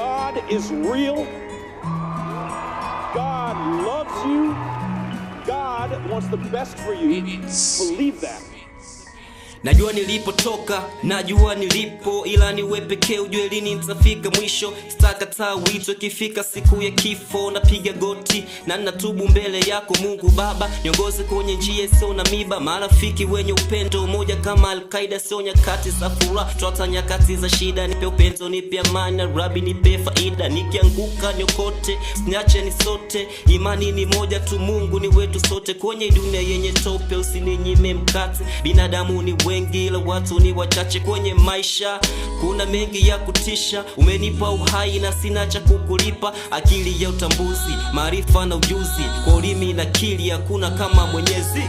God is real. God loves you. God wants the best for you. It's... Believe that. Najua nilipotoka, najua nilipo, ila ni wewe pekee ujue lini nitafika mwisho. Sitakataa wito, ikifika siku ya kifo napiga goti na natubu mbele yako Mungu Baba, niongoze kwenye njia sio na miba, marafiki wenye upendo umoja kama Alkaida, sio nyakati za fura twata nyakati za shida. Nipe upendo, nipe amani, Rabi nipe faida, nikianguka niokote, siniache ni sote. Imani ni moja tu, Mungu ni wetu sote, kwenye dunia yenye tope usininyime mkati binadamu ni wetu wengi, ila watu ni wachache kwenye maisha. Kuna mengi ya kutisha, umenipa uhai na sina cha kukulipa. Akili ya utambuzi, maarifa na ujuzi, kwa ulimi na akili hakuna kama Mwenyezi.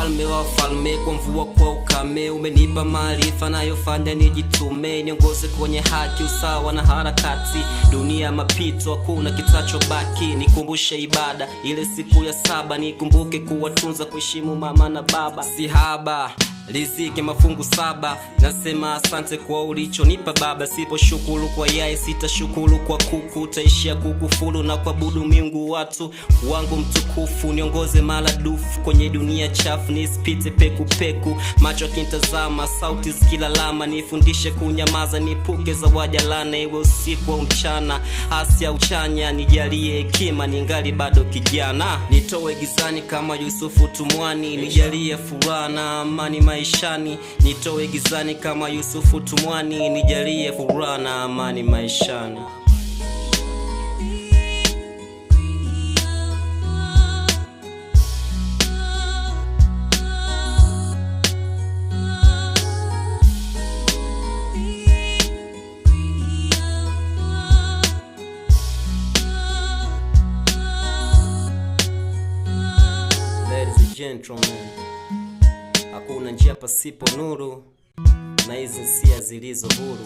mfalme wa falme kwa mvua kwa ukame, umenipa maarifa nayofanya nijitume, niongoze kwenye haki, usawa na harakati. Dunia mapito, hakuna kitachobaki, nikumbushe ibada ile siku ya saba, nikumbuke kuwatunza, kuheshimu mama na baba, sihaba riziki mafungu saba. Nasema asante kwa ulichonipa Baba, sipo shukulu kwa yai, sitashukulu kwa kuku, taishia kukufulu na kuabudu miungu watu wangu mtukufu. Niongoze maladufu kwenye dunia chafu, nisipite pekupeku, macho akintazama sauti zikilalama, nifundishe kunyamaza, nipuke za wajalana, iwe usiku wa mchana, hasi au chanya, nijalie hekima, ningali bado kijana, nitowe gizani kama Yusufu tumwani, nijalie furaha na amani maishani, nitoe gizani kama Yusufu Tumwani, nijalie furaha na amani maishani. gentleman hakuna njia pasipo nuru na hizi nsia zilizo huru.